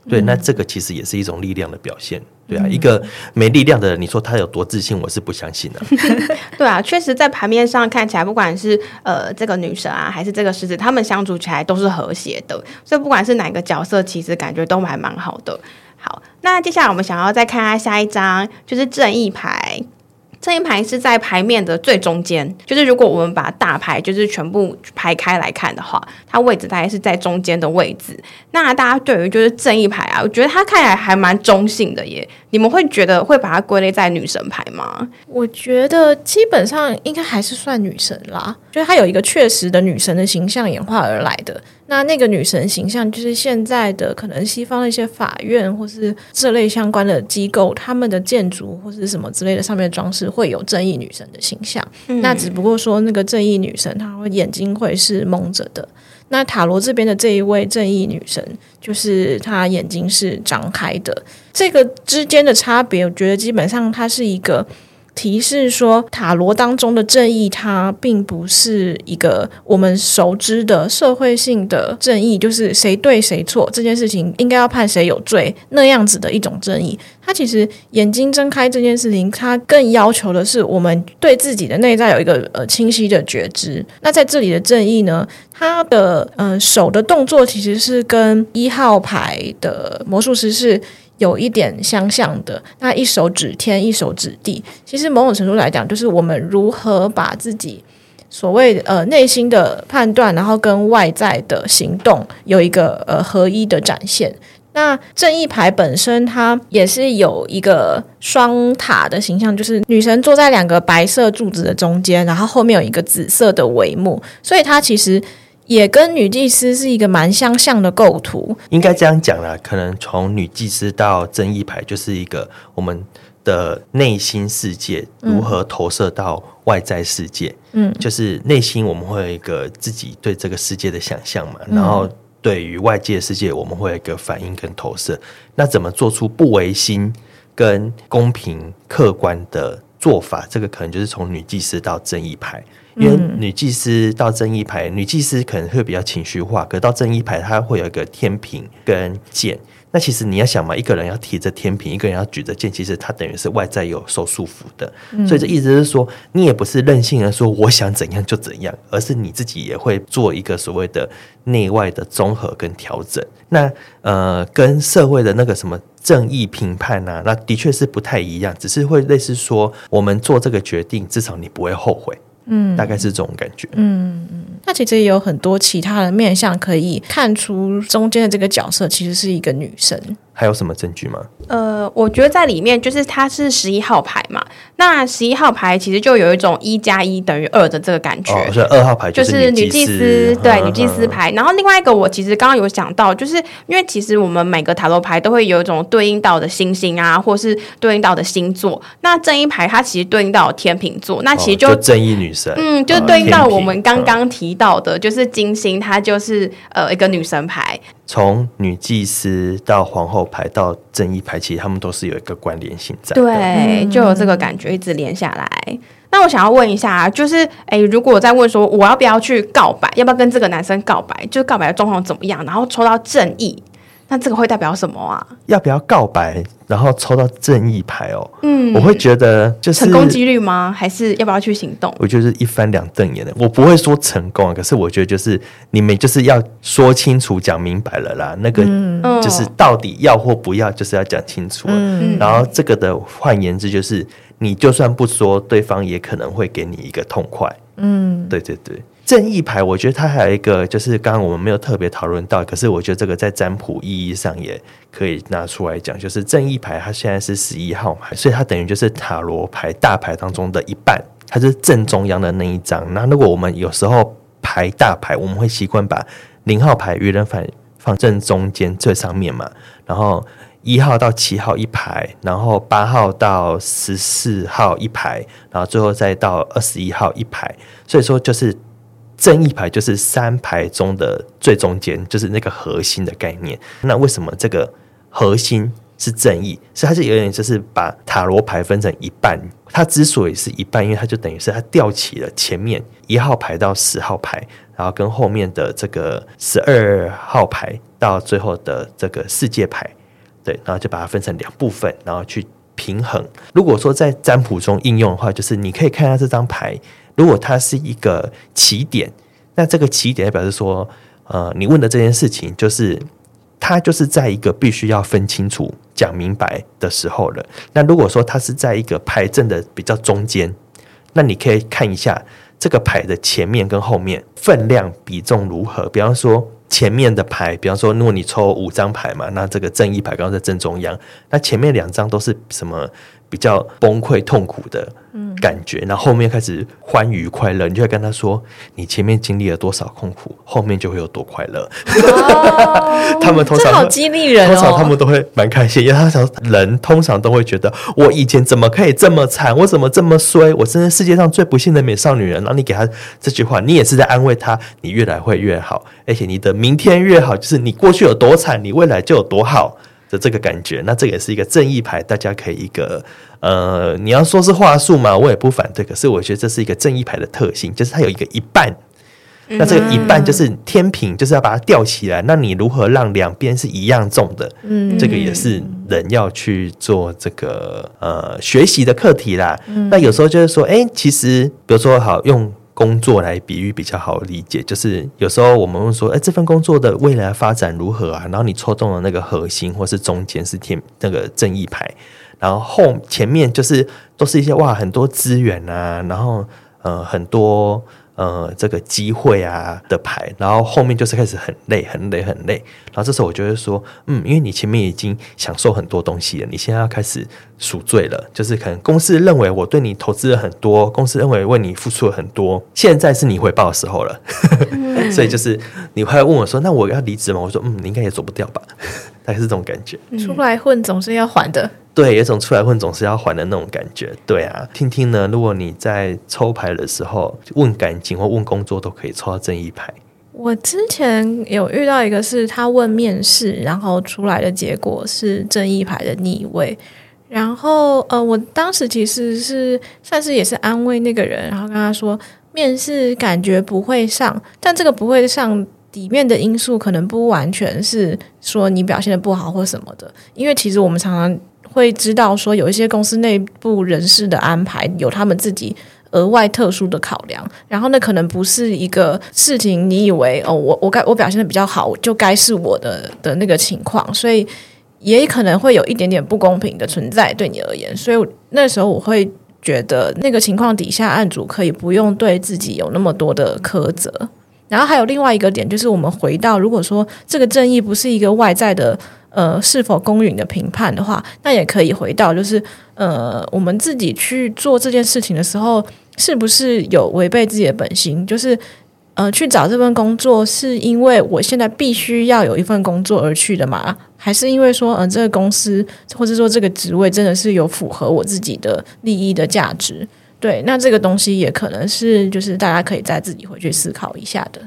對，嗯、那這個其實也是一種力量的表現。對啊，嗯、一個沒力量的人，你說他有多自信，我是不相信的、啊。嗯、 對啊，確實，在牌面上看起來，不管是呃這個女神啊，還是這個獅子，他們相處起來都是和諧的。所以不管是哪個角色，其實感覺都還蠻好的。好，那接下來我們想要再看看下一張，就是正義牌。正義牌是在牌面的最中間，就是如果我們把大牌就是全部排開來看的話，它位置大概是在中間的位置。那大家對於就是正義牌啊，我覺得它看起來還蠻中性的耶。你們會覺得會把它歸類在女神牌嗎？我覺得基本上應該還是算女神啦，就是它有一個確實的女神的形象演化而來的。那那個女神形象，就是現在的可能西方的一些法院或是這類相關的機構，他們的建築或者是什麼之類的上面的裝飾會有正義女神的形象。嗯、那只不過說那個正義女神她眼睛會是蒙着的。那塔羅這邊的這一位正義女神，就是她眼睛是張開的。這個之間的差別，我覺得基本上它是一個。提示說，塔羅當中的正義，它並不是一個我們熟知的社會性的正義，就是誰對誰錯這件事情，應該要判誰有罪那樣子的一種正義。它其實眼睛睜開這件事情，它更要求的是我們對自己的內在有一個呃清晰的覺知。那在這裡的正義呢，它的嗯、呃、手的動作其實是跟一號牌的魔術師是。有一點相像，像的，那一手指天，一手指地。其實某種程度來講，就是我們如何把自己所謂的呃內心的判斷，然後跟外在的行動有一個呃合一的展現。那正義牌本身它也是有一個雙塔的形象，就是女神坐在兩個白色柱子的中間，然後後面有一個紫色的帷幕，所以它其實。也跟女祭司是一個蠻相像的構圖，應該這樣講啦。可能從女祭司到正義牌，就是一個我們的內心世界如何投射到外在世界。嗯，嗯，就是內心我們會有一個自己對這個世界的想象嘛，嗯，然後對於外界世界我們會有一個反應跟投射。那怎麼做出不違心跟公平客觀的？做法這個可能就是從女祭司到正義牌，因為女祭司到正義牌，嗯、女祭司可能會比較情緒化，可到正義牌，她會有一個天平跟劍。那其實你要想嘛，一個人要提着天平，一個人要舉着劍，其實她等於是外在有受束縛的，嗯、所以這意思是說，你也不是任性的說我想怎樣就怎樣，而是你自己也會做一個所謂的內外的綜合跟調整。那呃，跟社會的那個什麼？正義評判啊，那的確是不太一樣，只是會類似說，我們做這個決定，至少你不會後悔，嗯，大概是這種感覺，嗯嗯，那其實也有很多其他的面向可以看出，中間的這個角色其實是一個女生。還有什麼證據嗎？呃，我覺得在裡面就是它，是十一號牌嘛，那十一號牌其實就有一種一加一等於二的這個感覺。不是二號牌，就是女祭司，祭司嗯、對，嗯、女祭司牌。嗯、然後另外一個，我其實剛剛有想到，就是因為其實我們每個塔羅牌都會有一種對應到的星星啊，或是對應到的星座。那正義牌它其實對應到天秤座，那其實就、哦、就正義女神，嗯，就對應到我們剛剛提到的，就是金星，嗯、它就是呃一個女神牌。從女祭司到皇後牌到正義牌，其實他們都是有一個關聯性在。對，嗯、就有這個感覺，一直連下來。那我想要問一下，就是，哎、欸，如果我再問說我要不要去告白，要不要跟這個男生告白？就是告白的狀況怎麼樣？然後抽到正義。那這個會代表什麼啊？要不要告白，然後抽到正義牌哦？嗯，我會覺得就是成功幾率嗎？還是要不要去行動？我就是一翻兩瞪眼的，我不會說成功啊。可是我覺得就是你們就是要說清楚、講明白了啦。那個就是到底要或不要，就是要講清楚。嗯，嗯，然後這個的換言之就是，你就算不說，對方也可能會給你一個痛快。嗯，對對對。正義牌，我覺得它還有一個，就是剛剛我們沒有特別討論到，可是我覺得這個在占卜意義上也可以拿出來講，就是正義牌它現在是十一號牌，所以它等於就是塔羅牌大牌當中的一半，它是正中央的那一張。那如果我們有時候排大牌，我們會習慣把零號牌愚人反放正中間最上面嘛，然後一號到七號一排，然後八號到十四號一排，然後最後再到二十一號一排，所以說就是。正義牌就是三牌中的最中間，就是那個核心的概念。那為什麼這個核心是正義？所以它是有點就是把塔羅牌分成一半。它之所以是一半，因為它就等於是它吊起了前面一號牌到十號牌，然後跟後面的這個十二號牌到最後的這個世界牌，對，然後就把它分成兩部分，然後去平衡。如果說在占卜中應用的話，就是你可以看到這張牌。如果它是一個起點，那這個起點表示說，呃，你問的這件事情就是它就是在一個必須要分清楚、講明白的時候了。那如果說它是在一個牌陣的比較中間，那你可以看一下這個牌的前面跟後面分量比重如何。比方說前面的牌，比方說如果你抽五張牌嘛，那這個正義牌剛剛在正中央，那前面兩張都是什麼？比較崩潰痛苦的感覺，嗯、然後後面開始歡愉快樂，你就會跟他說：“你前面經歷了多少痛苦，後面就會有多快樂。哦” 他們通常好激勵人、哦，通常他們都會蠻開心，因為他想人通常都會覺得我以前怎麼可以這麼慘？我怎麼這麼衰？我真的是世界上最不幸的美少女人。然後你給他這句話，你也是在安慰他，你越來會越，越好，而且你的明天越好，就是你過去有多慘，你未來就有多好，的這個感覺，那這也是一個正義牌，大家可以一個呃，你要說是話術嘛，我也不反對。可是我覺得這是一個正義牌的特性，就是它有一個一半，嗯、哼那這個一半就是天平，就是要把它吊起來。那你如何讓兩邊是一樣重的？嗯哼，這個也是人要去做這個呃學習的課題啦。嗯哼，那有時候就是說，哎、欸，其實比如說好用。工作來比喻比較好理解，就是有時候我們問說，哎、欸，這份工作的未來發展如何啊？然後你戳中了那個核心，或是中間是天那個正義牌，然後後前面就是都是一些哇，很多資源啊，然後呃很多。呃、嗯，這個機會啊的牌，然後後面就是開始很累，很累，很累。然後這時候我就會說，嗯，因為你前面已經享受很多東西了，你現在要開始贖罪了。就是可能公司認為我對你投資了很多，公司認為為你付出了很多，現在是你回報的時候了。 所以就是你會問我說，那我要離職嗎？我說，嗯，你應該也走不掉吧。 大概是這種感覺，出來混總是要還的。對，有種出來混總是要還的那種感覺。對啊，聽聽呢？如果你在抽牌的時候問感情或問工作，都可以抽到正義牌。我之前有遇到一個是他問面試，然後出來的結果是正義牌的逆位。然後呃，我當時其實是算是也是安慰那個人，然後跟他說面試感覺不會上，但這個不會上底面的因素可能不完全是說你表現得不好或什麼的，因為其實我們常常。會知道說有一些公司內部人事的安排，有他們自己額外特殊的考量，然後那可能不是一個事情，你以為哦，我我該我表現得比較好就該是我的的那個情況，所以也可能會有一點點不公平的存在對你而言，所以那時候我會覺得那個情況底下案主可以不用對自己有那麼多的苛責，然後還有另外一個點就是我們回到，如果說這個正義不是一個外在的。呃，是否公允的評判的話，那也可以回到，就是呃，我們自己去做這件事情的時候，是不是有違背自己的本心？就是呃，去找這份工作是因為我現在必須要有一份工作而去的嘛？還是因為說，嗯、呃，這個公司或者說這個職位真的是有符合我自己的利益的價值？對，那這個東西也可能是，就是大家可以再自己回去思考一下的。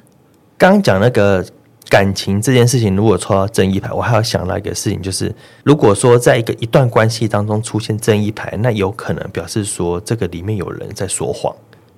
剛講那個。感情這件事情，如果抽到正義牌，我還要想到一個事情，就是如果說在一個一段關係當中出現正義牌，那有可能表示說這個裡面有人在說謊，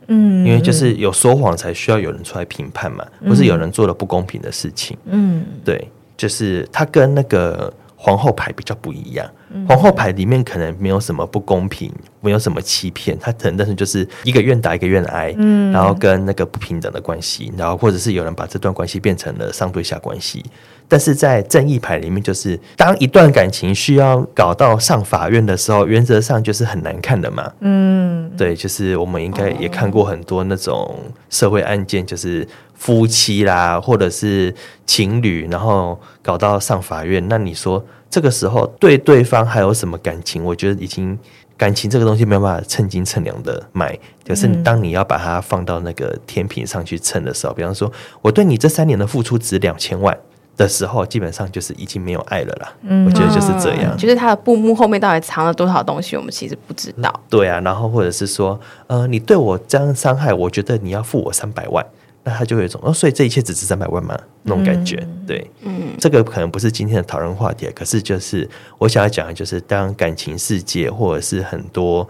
嗯，因為就是有說謊才需要有人出來評判嘛，嗯，不是有人做了不公平的事情，嗯，對，就是他跟那個皇後牌比較不一樣，皇後牌裡面可能沒有什麼不公平。沒有什麼欺騙，他可能但是就是一個願打一個願挨，嗯，然後跟那個不平等的關係，然後或者是有人把這段關係變成了上對下關係。但是在正義牌裡面，就是當一段感情需要搞到上法院的時候，原則上就是很難看的嘛。嗯，對，就是我們應該也看過很多那種社會案件，哦，就是夫妻啦，或者是情侶，然後搞到上法院。那你說這個時候對對方還有什麼感情？我覺得已經。感情這個東西沒有辦法稱斤稱兩的買，就是當你要把它放到那個天平上去稱的時候，嗯、比方說我對你這三年的付出值兩千萬的時候，基本上就是已經沒有愛了啦。嗯、我覺得就是這樣，嗯、就是他的布幕後面到底藏了多少東西，我們其實不知道。對啊，然後或者是說，呃，你對我這樣傷害，我覺得你要付我三百萬。那他就會有一種哦，所以這一切只值三百萬嗎？那種感覺，嗯、對，嗯，這個可能不是今天的討論話題，可是就是我想要講的就是，當感情世界或者是很多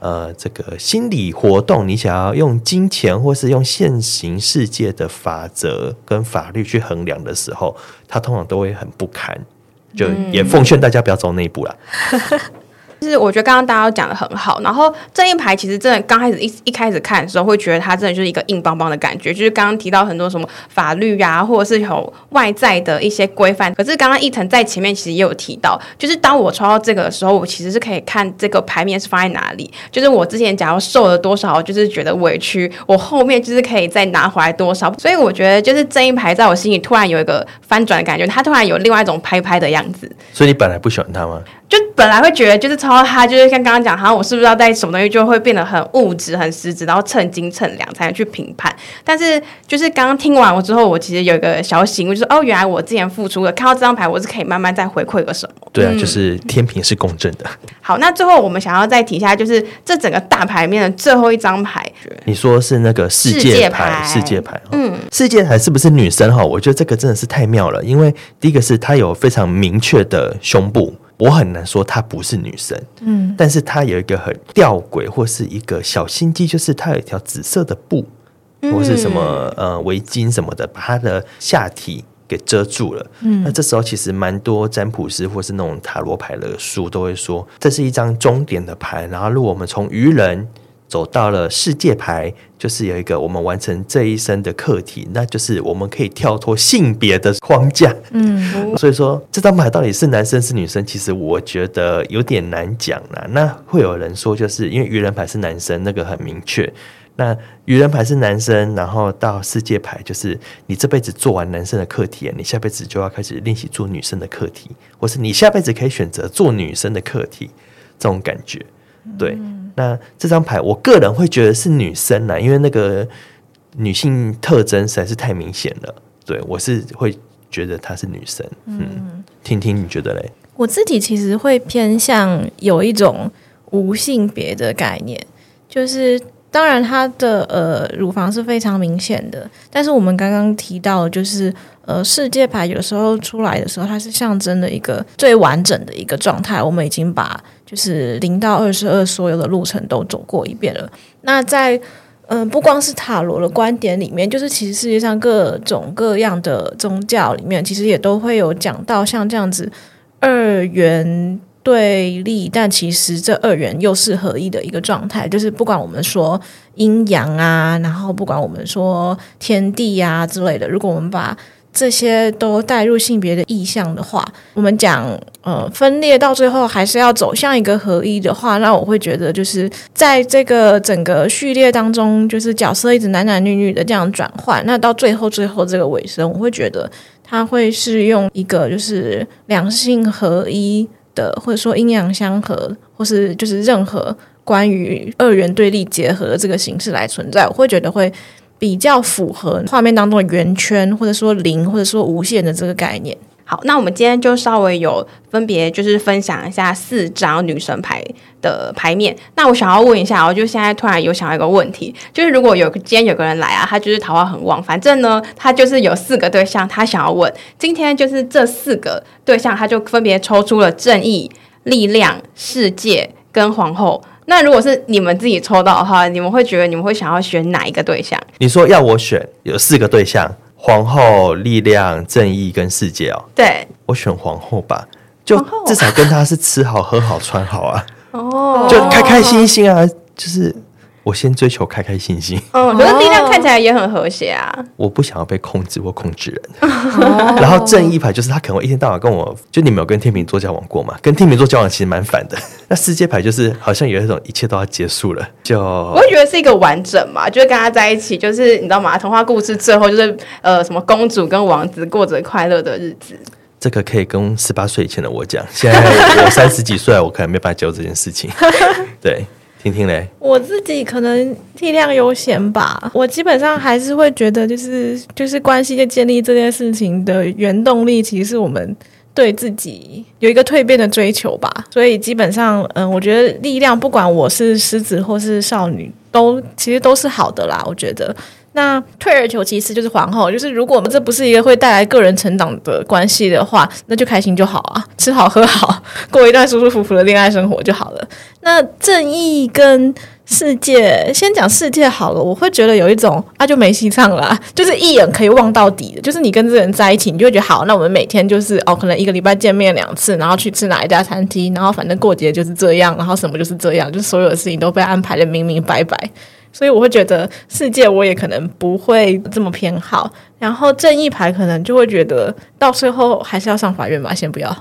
呃這個心理活動，你想要用金錢或是用現行世界的法則跟法律去衡量的時候，它通常都會很不堪。就也奉勸大家不要走那一步啦。嗯 就是我覺得剛剛大家都講得很好，然後這一排其實真的剛開始一一開始看的時候，會覺得它真的就是一個硬邦邦的感覺，就是剛剛提到很多什麼法律呀、啊，或者是有外在的一些規範。可是剛剛一騰在前面其實也有提到，就是當我抽到這個的時候，我其實是可以看這個牌面是放在哪裡，就是我之前假如受了多少，就是覺得委屈，我後面就是可以再拿回來多少。所以我覺得就是這一排在我心裡突然有一個翻轉的感覺，它突然有另外一種拍拍的樣子。所以你本來不喜歡他嗎？就本來會覺得，就是超他，就是像剛剛講，好像我是不是要帶什麼東西，就會變得很物質、很實質，然後秤斤秤兩，才能去評判。但是，就是剛剛聽完我之後，我其實有一個小醒悟，就是哦，原來我之前付出的，看到這張牌，我是可以慢慢再回饋個什麼？對啊，就是天平是公正的，嗯。好，那最後我們想要再提一下，就是這整個大牌面的最後一張牌，你說是那個世界牌？世界牌？世界牌哦，嗯，世界牌是不是女生哈？我覺得這個真的是太妙了，因為第一個是她有非常明確的胸部。我很難說她不是女神，嗯，但是她有一個很吊詭或是一個小心機，就是她有一條紫色的布，嗯、或是什麼呃圍巾什麼的，把她的下體給遮住了。嗯，那這時候其實蠻多占卜師或是那種塔羅牌的書都會說，這是一張終點的牌。然後，如果我們從愚人。走到了世界牌，就是有一個我們完成這一生的課題，那就是我們可以跳脫性別的框架。嗯， 所以說這張牌到底是男生是女生，其實我覺得有點難講啦。那會有人說，就是因為愚人牌是男生，那個很明確。那愚人牌是男生，然後到世界牌，就是你這輩子做完男生的課題，你下輩子就要開始練習做女生的課題，或是你下輩子可以選擇做女生的課題，這種感覺，對。嗯那這張牌，我個人會覺得是女生啦，因為那個女性特徵實在是太明顯了。對，我是會覺得她是女生。嗯，嗯，聽聽你覺得嘞？我自己其實會偏向有一種無性別的概念，就是當然她的呃乳房是非常明顯的，但是我們剛剛提到就是。呃，世界牌有時候出來的時候，它是象徵的一個最完整的一個狀態。我們已經把就是零到二十二所有的路程都走過一遍了。那在嗯、呃，不光是塔羅的觀點裡面，就是其實世界上各種各樣的宗教裡面，其實也都會有講到像這樣子二元對立，但其實這二元又是合一的一個狀態。就是不管我們說陰陽啊，然後不管我們說天地啊之類的，如果我們把這些都帶入性別的意象的話，我們講呃分裂，到最後還是要走向一個合一的話，那我會覺得就是在這個整個序列當中，就是角色一直男男女女的這樣轉換，那到最後最後這個尾聲，我會覺得它會是用一個就是兩性合一的，或者說陰陽相合，或是就是任何關於二元對立結合的這個形式來存在，我會覺得會。比較符合畫面當中的圓圈，或者說零，或者說無限的這個概念。好，那我們今天就稍微有分別，就是分享一下四張女神牌的牌面。那我想要問一下，我就現在突然有想要一個問題，就是如果有今天有個人來啊，他就是桃花很旺，反正呢，他就是有四個對象，他想要問，今天就是這四個對象，他就分別抽出了正義、力量、世界跟皇後。那如果是你們自己抽到的話，你們會覺得你們會想要選哪一個對象？你說要我選，有四個對象：皇後、力量、正義跟世界哦。對，我選皇后吧，就至少跟他是吃好、喝好、穿好啊。哦， 就開開心心啊，就是。我先追求開開心心，oh, 可是力量看起來也很和諧啊。我不想要被控制或控制人，oh. 然後正義牌就是他可能一天到晚跟我就你們有跟天秤座交往過嗎？跟天秤座交往其實蠻煩的。那世界牌就是好像有一種一切都要結束了，就我會覺得是一個完整嘛，就是跟他在一起，就是你知道嗎？童話故事最後就是呃什麼公主跟王子過着快樂的日子。這個可以跟十八歲以前的我講，現在我三十幾歲， 我可能沒辦法接受這件事情。對。聽聽嘞，我自己可能力量優先吧。我基本上還是會覺得、就是，就是就是關係的建立這件事情的原動力，其實是我們對自己有一個蛻變的追求吧。所以基本上，嗯，我覺得力量，不管我是獅子或是少女，都其實都是好的啦。我覺得。那退而求其次就是皇後，就是如果我們這不是一個會帶來個人成長的關係的話，那就開心就好啊，吃好喝好，過一段舒舒服服的戀愛生活就好了。那正義跟世界，先講世界好了，我會覺得有一種啊就沒戲唱啦、啊，就是一眼可以望到底的，就是你跟這個人在一起，你就會覺得好，那我們每天就是哦，可能一個禮拜見面兩次，然後去吃哪一家餐廳，然後反正過節就是這樣，然後什麼就是這樣，就所有的事情都被安排得明明白白。所以我會覺得世界我也可能不會這麼偏好，然後正義牌可能就會覺得到最後還是要上法院吧，先不要。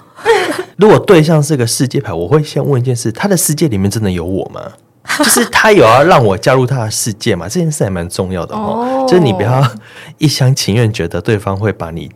如果對象是個世界牌，我會先問一件事：他的世界裡面真的有我嗎？ 就是他有要讓我加入他的世界嗎？這件事還蠻重要的哦，oh. 就是你不要一廂情願覺得對方會把你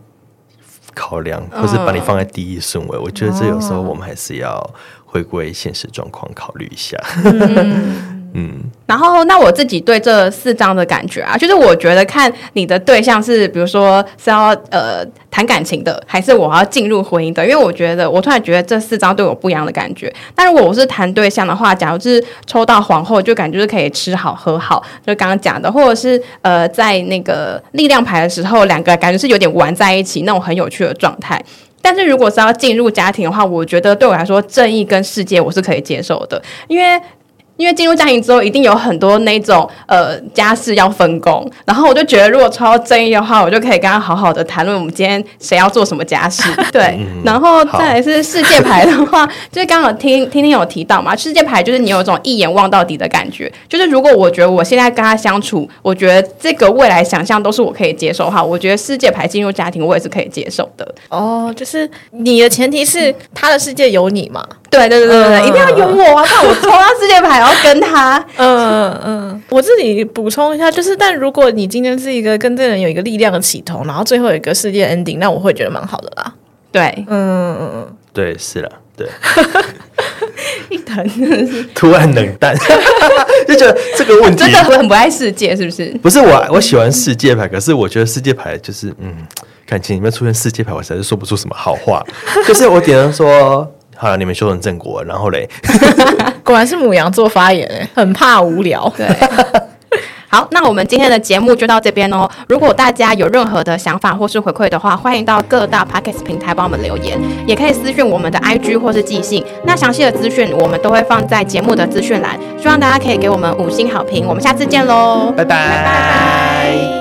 考量，或是把你放在第一順位。Oh. 我覺得這有時候我們還是要回歸現實狀況考慮一下。Oh. 嗯，然後那我自己對這四張的感覺啊，就是我覺得看你的對象是，比如說是要呃談感情的，還是我要進入婚姻的？因為我覺得，我突然覺得這四張對我不一樣的感覺。但如果我是談對象的話，假如是抽到皇後，就感覺是可以吃好喝好，就剛剛講的，或者是呃在那個力量牌的時候，兩個感覺是有點玩在一起那種很有趣的狀態。但是如果是要進入家庭的話，我覺得對我來說，正義跟世界我是可以接受的，因為。因為進入家庭之後，一定有很多那種呃家事要分工，然後我就覺得，如果抽到正義的話，我就可以跟他好好的談論我們今天誰要做什麼家事。對， 嗯、然後再來是世界牌的話，好 就是剛剛聽聽聽有提到嘛，世界牌就是你有一種一眼望到底的感覺，就是如果我覺得我現在跟他相處，我覺得這個未來想象都是我可以接受的話，我覺得世界牌進入家庭我也是可以接受的。哦，就是你的前提是他的世界有你嘛？ 對對對對，對、嗯、一定要有我啊！我抽到世界牌，要 跟他。嗯嗯，嗯我自己補充一下，就是但如果你今天是一個跟這個人有一個力量的起頭，然後最後有一個世界 ending，那我會覺得蠻好的啦。對，嗯嗯嗯，對，是了，對。一騰突然冷淡， 就覺得這個問題我真的很不愛世界，是不是？不是我、啊，我喜歡世界牌，可是我覺得世界牌就是嗯，感情裡面出現世界牌，我實在是說不出什麼好話。就是我點人說。 好了，你們修成正果，然後嘞？ 果然是牡羊座發言，欸、很怕無聊。對，好，那我們今天的節目就到這邊哦。如果大家有任何的想法或是回饋的話，歡迎到各大 Podcast 平台幫我們留言，也可以私訊我們的 IG 或是寄信。那詳細的資訊我們都會放在節目的資訊欄，希望大家可以給我們五星好評。我們下次見嘍，拜拜。拜拜。